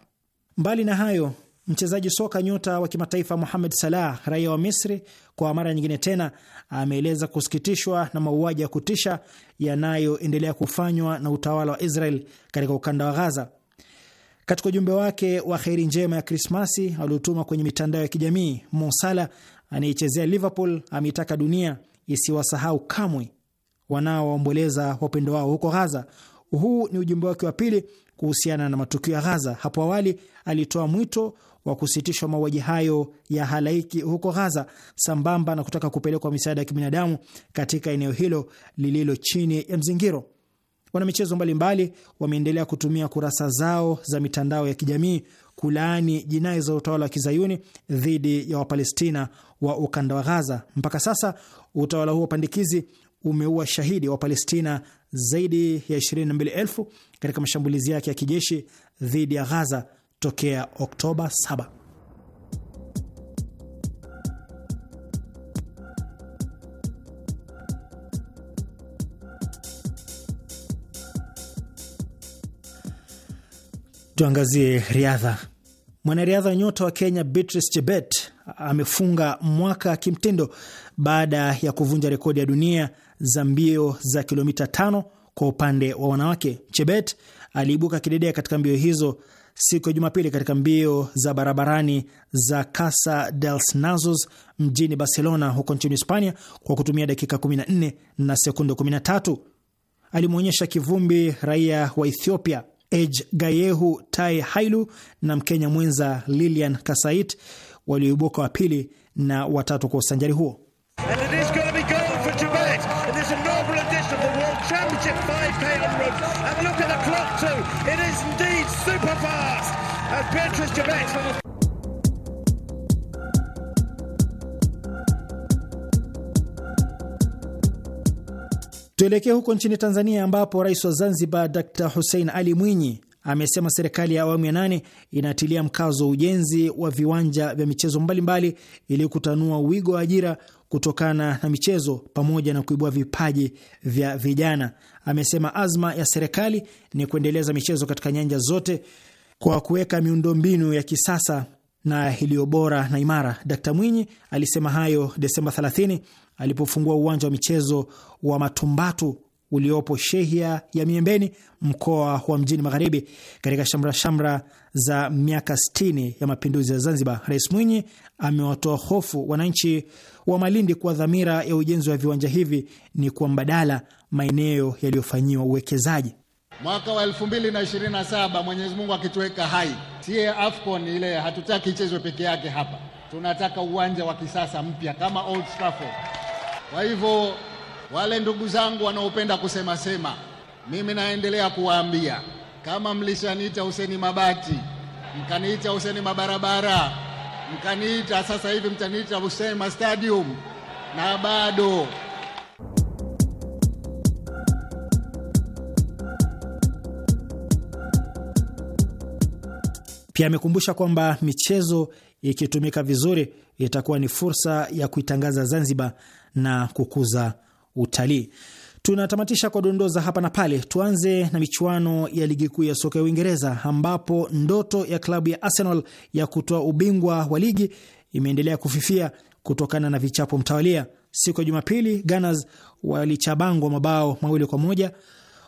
Mbali na hayo, mchezaji soka nyota wa kimataifa Mohamed Salah, raia wa Misri, kwa mara nyingine tena ameeleza kusikitishwa na mauaji ya kutisha yanayoendelea kufanywa na utawala wa Israel katika ukanda wa Ghaza. Katika ujumbe wake wa kheri njema ya Krismasi aliotuma kwenye mitandao ya kijamii, Mo Salah anayechezea Liverpool ameitaka dunia isiwasahau kamwe wanaowaomboleza wapendo wao huko Ghaza. Huu ni ujumbe wake wa pili kuhusiana na matukio ya Ghaza. Hapo awali alitoa mwito wa kusitishwa mauaji hayo ya halaiki huko Ghaza, sambamba na kutaka kupelekwa misaada ya kibinadamu katika eneo hilo lililo chini ya mzingiro. Wanamichezo mbalimbali wameendelea kutumia kurasa zao za mitandao ya kijamii kulaani jinai za utawala wa kizayuni dhidi ya Wapalestina wa ukanda wa Ghaza. Mpaka sasa utawala huo pandikizi umeua shahidi wa Palestina zaidi ya 22,000 katika mashambulizi yake ya kijeshi dhidi ya Ghaza tokea Oktoba 7. Tuangazie riadha. Mwanariadha nyota wa Kenya Beatrice Chebet amefunga mwaka kimtindo baada ya kuvunja rekodi ya dunia za mbio za kilomita tano kwa upande wa wanawake. Chebet aliibuka kidedea katika mbio hizo siku ya Jumapili katika mbio za barabarani za Casa dels Nazos mjini Barcelona, huko nchini Hispania, kwa kutumia dakika 14 na sekunde 13. Alimwonyesha kivumbi raia wa Ethiopia Ej Gayehu Tai Hailu na Mkenya mwenza Lilian Kasait walioibuka wa pili na watatu kwa usanjari huo. Beatrice the Tuelekee huko nchini Tanzania ambapo rais wa Zanzibar Dr Hussein Ali Mwinyi amesema serikali ya awamu ya nane inatilia mkazo wa ujenzi wa viwanja vya michezo mbalimbali ili kutanua wigo wa ajira kutokana na michezo pamoja na kuibua vipaji vya vijana. Amesema azma ya serikali ni kuendeleza michezo katika nyanja zote kwa kuweka miundombinu ya kisasa na iliyo bora na imara. Dkt Mwinyi alisema hayo Desemba 30 alipofungua uwanja wa michezo wa Matumbatu uliopo shehia ya Miembeni, mkoa wa Mjini Magharibi, katika shamra shamra za miaka 60 ya mapinduzi ya Zanzibar. Rais Mwinyi amewatoa hofu wananchi wa Malindi kwa dhamira ya ujenzi wa viwanja hivi ni kwa mbadala maeneo yaliyofanyiwa uwekezaji mwaka wa 2027 Mwenyezi Mungu akituweka hai, siye AFCON ile hatutaki ichezwe peke yake hapa, tunataka uwanja wa kisasa mpya kama Old Trafford. Kwa hivyo wale ndugu zangu wanaopenda kusema sema, mimi naendelea kuwaambia kama mlishaniita Huseni Mabati, mkaniita Huseni Mabarabara, mkaniita sasa hivi mtaniita Huseni Stadium na bado Pia amekumbusha kwamba michezo ikitumika vizuri itakuwa ni fursa ya kuitangaza Zanzibar na kukuza utalii. Tunatamatisha kwa dondoza hapa na pale. Tuanze na michuano ya ligi kuu ya soka ya Uingereza ambapo ndoto ya klabu ya Arsenal ya kutoa ubingwa wa ligi imeendelea kufifia kutokana na vichapo mtawalia. Siku ya Jumapili, Gunners walichabangwa mabao mawili kwa moja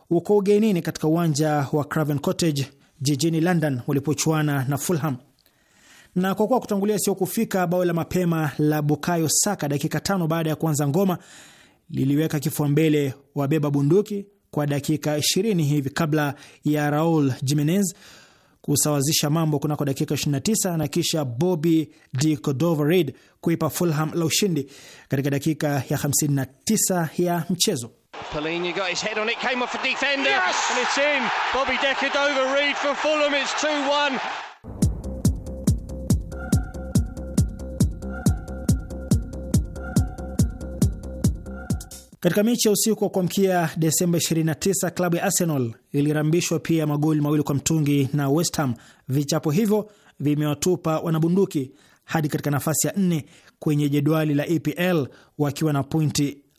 uko ugenini katika uwanja wa Craven Cottage jijini London walipochuana na Fulham na kwa kuwa kutangulia sio kufika, bao la mapema la Bukayo Saka dakika tano baada ya kuanza ngoma liliweka kifua mbele wabeba bunduki kwa dakika 20 hivi kabla ya Raul Jimenez kusawazisha mambo kunako dakika 29 na kisha Bobby de Cordova Reid kuipa Fulham la ushindi katika dakika ya 59 ya mchezo. Polina got his head on it, came off a defender, yes! and it's in. Bobby Decker Dover Reed for Fulham, it's 2 1. Katika mechi ya usiku wa kuamkia Desemba 29 klabu ya Arsenal ilirambishwa pia magoli mawili kwa mtungi na West Ham. Vichapo hivyo vimewatupa wanabunduki hadi katika nafasi ya nne kwenye jedwali la EPL wakiwa na pointi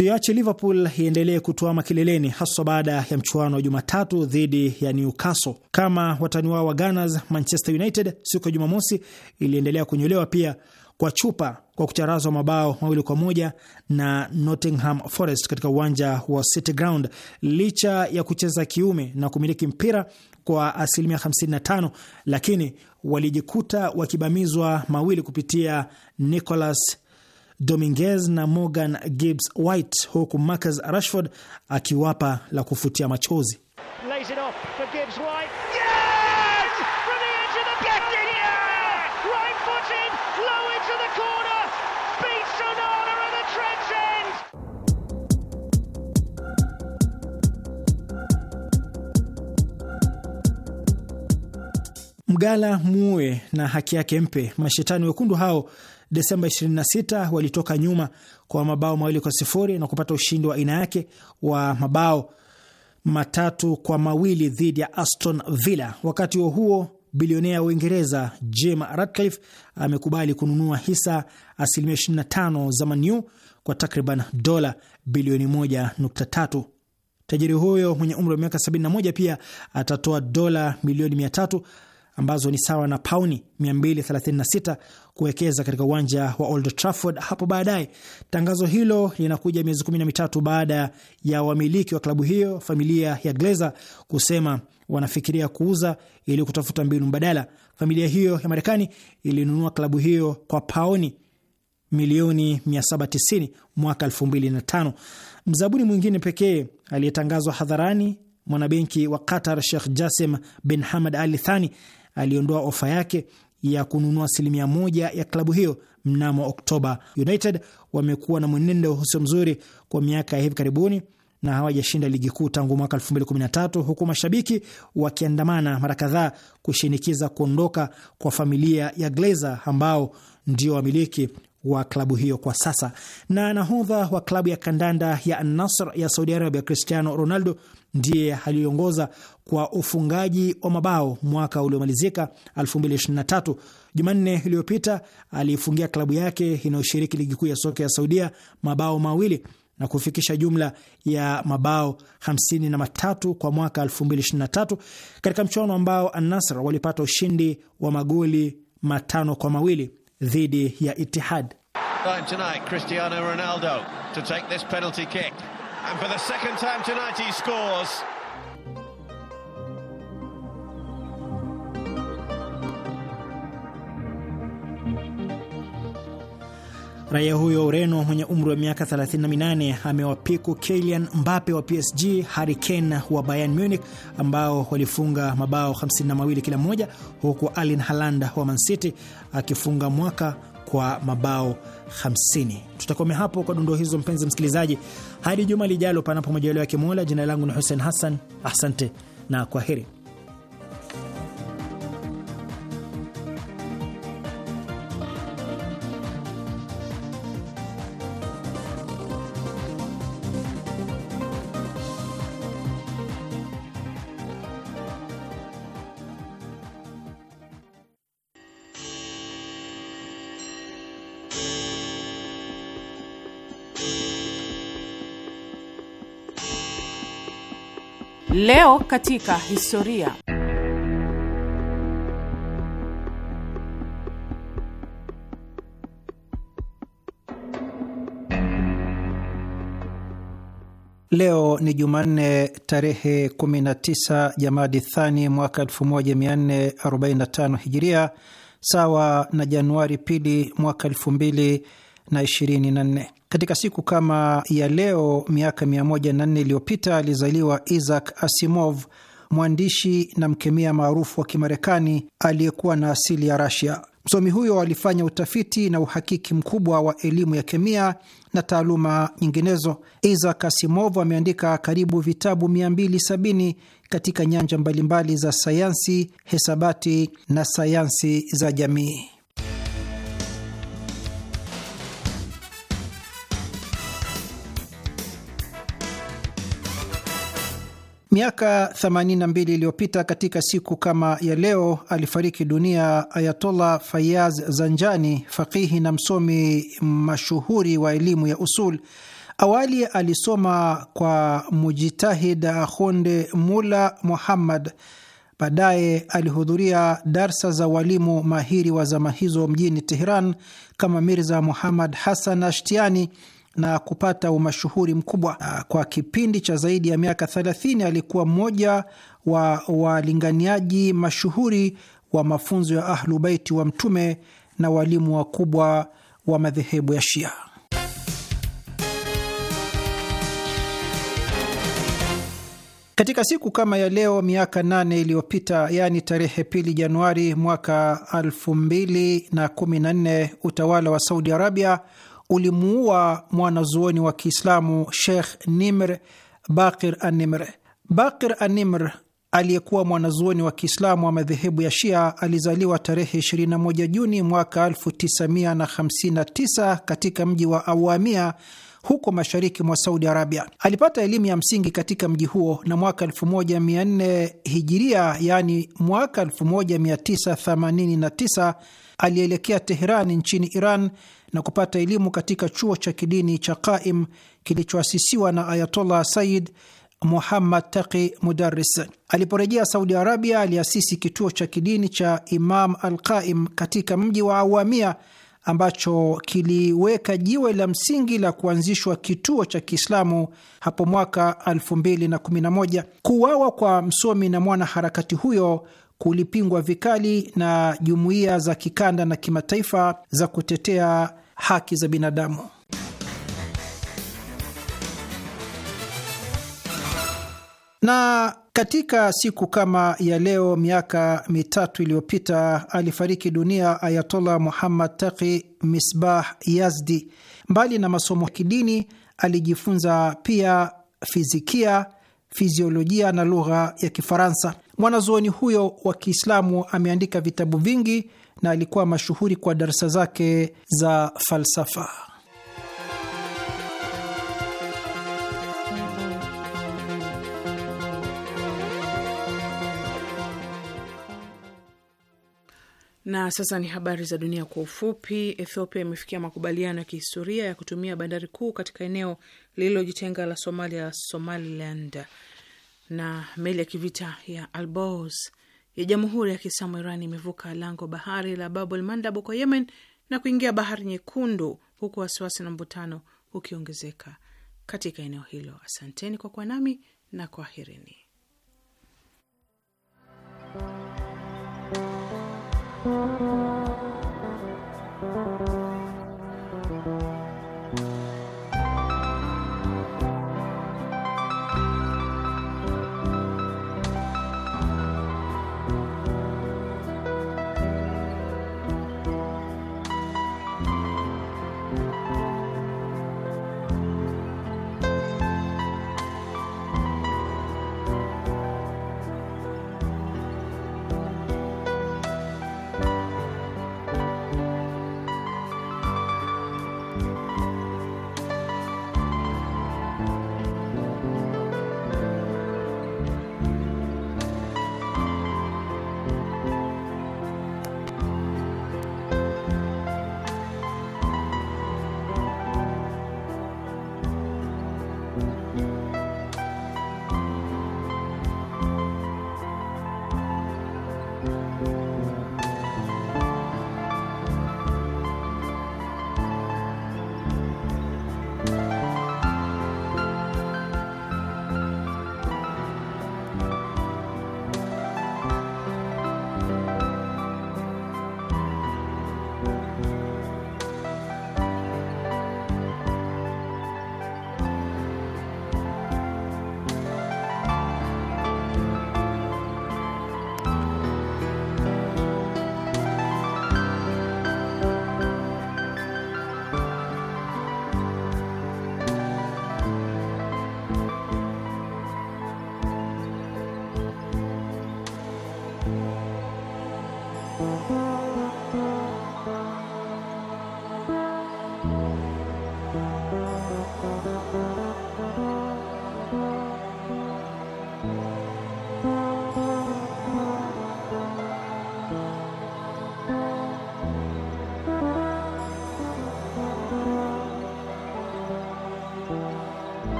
Tuiache Liverpool iendelee kutuama kileleni, haswa baada ya mchuano wa Jumatatu dhidi ya Newcastle. Kama watani wao wa Gunners, Manchester United siku ya Jumamosi iliendelea kunyolewa pia kwa chupa kwa kucharazwa mabao mawili kwa moja na Nottingham Forest katika uwanja wa City Ground. Licha ya kucheza kiume na kumiliki mpira kwa asilimia 55, lakini walijikuta wakibamizwa mawili kupitia Nicolas Dominguez na Morgan Gibbs White, huku Marcus Rashford akiwapa la kufutia machozi. Mgala muue na haki yake mpe. Mashetani wekundu hao Desemba 26 walitoka nyuma kwa mabao mawili kwa sifuri na kupata ushindi wa aina yake wa mabao matatu kwa mawili dhidi ya Aston Villa. Wakati huo huo, bilionea wa Uingereza Jim Ratcliffe amekubali kununua hisa asilimia 25 za Manu kwa takriban dola bilioni 1.3. Tajiri huyo mwenye umri wa miaka 71 pia atatoa dola milioni 300 ambazo ni sawa na pauni 236 kuwekeza katika uwanja wa Old Trafford hapo baadaye. Tangazo hilo linakuja miezi kumi na mitatu baada ya wamiliki wa klabu hiyo, familia ya Glazer, kusema wanafikiria kuuza ili kutafuta mbinu mbadala. Familia hiyo ya Marekani ilinunua klabu hiyo kwa pauni milioni 790 mwaka 2005. Mzabuni mwingine pekee aliyetangazwa hadharani, mwanabenki wa Qatar Sheikh Jasem bin Hamad Al Thani aliondoa ofa yake ya kununua asilimia moja ya klabu hiyo mnamo Oktoba. United wamekuwa na mwenendo usio mzuri kwa miaka ya hivi karibuni na hawajashinda ligi kuu tangu mwaka 2013 huku mashabiki wakiandamana mara kadhaa kushinikiza kuondoka kwa familia ya Glazer ambao ndio wamiliki wa klabu hiyo kwa sasa. Na nahodha wa klabu ya kandanda ya Nasr ya Saudi Arabia, Cristiano Ronaldo ndiye aliyoongoza kwa ufungaji wa mabao mwaka uliomalizika 2023. Jumanne iliyopita aliifungia klabu yake inayoshiriki ligi kuu ya soka ya Saudia mabao mawili na kufikisha jumla ya mabao 53 kwa mwaka 2023 katika mchuano ambao Anasr walipata ushindi wa magoli matano kwa mawili dhidi ya Itihad. Time tonight, Cristiano Ronaldo to take this penalty kick. And for the second time tonight, he scores. Raia huyo Ureno mwenye umri wa miaka 38 amewapiku Kylian Mbappe wa PSG, Harry Kane wa Bayern Munich ambao walifunga mabao 52 kila mmoja, huku Erling Haaland wa Man City akifunga mwaka kwa mabao 50. Tutakomea hapo kwa dondoo hizo, mpenzi msikilizaji, hadi juma lijalo, panapo majaliwa ya kimola Jina langu ni Hussein Hassan, asante na kwa heri. Leo katika historia. Leo ni Jumanne tarehe 19 Jamadi Thani mwaka 1445 Hijiria, sawa na Januari pili mwaka 2024. Katika siku kama ya leo miaka 104 iliyopita alizaliwa Isaac Asimov, mwandishi na mkemia maarufu wa Kimarekani aliyekuwa na asili ya Rasia. Msomi huyo alifanya utafiti na uhakiki mkubwa wa elimu ya kemia na taaluma nyinginezo. Isaac Asimov ameandika karibu vitabu 270 katika nyanja mbalimbali za sayansi, hesabati na sayansi za jamii. Miaka 82 iliyopita katika siku kama ya leo alifariki dunia Ayatollah Fayaz Zanjani, faqihi na msomi mashuhuri wa elimu ya usul. Awali alisoma kwa mujitahid Ahunde Mula Muhammad. Baadaye alihudhuria darsa za walimu mahiri wa zama hizo mjini Teheran kama Mirza Muhammad Hassan Ashtiani na kupata umashuhuri mkubwa. Na kwa kipindi cha zaidi ya miaka 30 alikuwa mmoja wa walinganiaji mashuhuri wa mafunzo ya Ahlu Baiti wa Mtume na walimu wakubwa wa madhehebu ya Shia. Katika siku kama ya leo miaka nane iliyopita, yaani tarehe pili Januari mwaka 214 utawala wa Saudi Arabia ulimuua mwanazuoni wa Kiislamu Sheikh Nimr Bakir Animr. Bakir Animr aliyekuwa mwanazuoni wa Kiislamu wa madhehebu ya Shia alizaliwa tarehe 21 Juni mwaka 1959 katika mji wa Awamia huko mashariki mwa Saudi Arabia. Alipata elimu ya msingi katika mji huo na mwaka 1400 hijiria, yaani mwaka 1989 alielekea Teherani nchini Iran na kupata elimu katika chuo cha kidini cha Qaim kilichoasisiwa na Ayatollah Said Muhammad Taqi Mudaris. Aliporejea Saudi Arabia, aliasisi kituo cha kidini cha Imam Al Qaim katika mji wa Awamia ambacho kiliweka jiwe la msingi la kuanzishwa kituo cha Kiislamu hapo mwaka 2011. Kuuawa kwa msomi na mwanaharakati huyo kulipingwa vikali na jumuiya za kikanda na kimataifa za kutetea haki za binadamu. Na katika siku kama ya leo miaka mitatu iliyopita alifariki dunia Ayatollah Muhammad Taqi Misbah Yazdi. Mbali na masomo ya kidini, alijifunza pia fizikia, fiziolojia na lugha ya Kifaransa. Mwanazuoni huyo wa Kiislamu ameandika vitabu vingi na alikuwa mashuhuri kwa darsa zake za falsafa. Na sasa ni habari za dunia kwa ufupi. Ethiopia imefikia makubaliano ya kihistoria ya kutumia bandari kuu katika eneo lililojitenga la Somalia, Somaliland. Na meli ya kivita ya Alborz ya jamhuri ya Kiislamu Iran imevuka lango bahari la Babul Mandab huko Yemen na kuingia bahari Nyekundu, huku wasiwasi na mvutano ukiongezeka katika eneo hilo. Asanteni kwa kuwa nami na kwaherini. Música